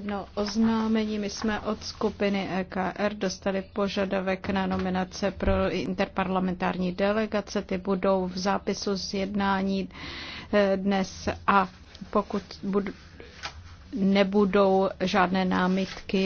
jedno oznámení. My jsme od skupiny EKR dostali požadavek na nominace pro interparlamentární delegace. Ty budou v zápisu z jednání eh, dnes a pokud nebudou žádné námitky,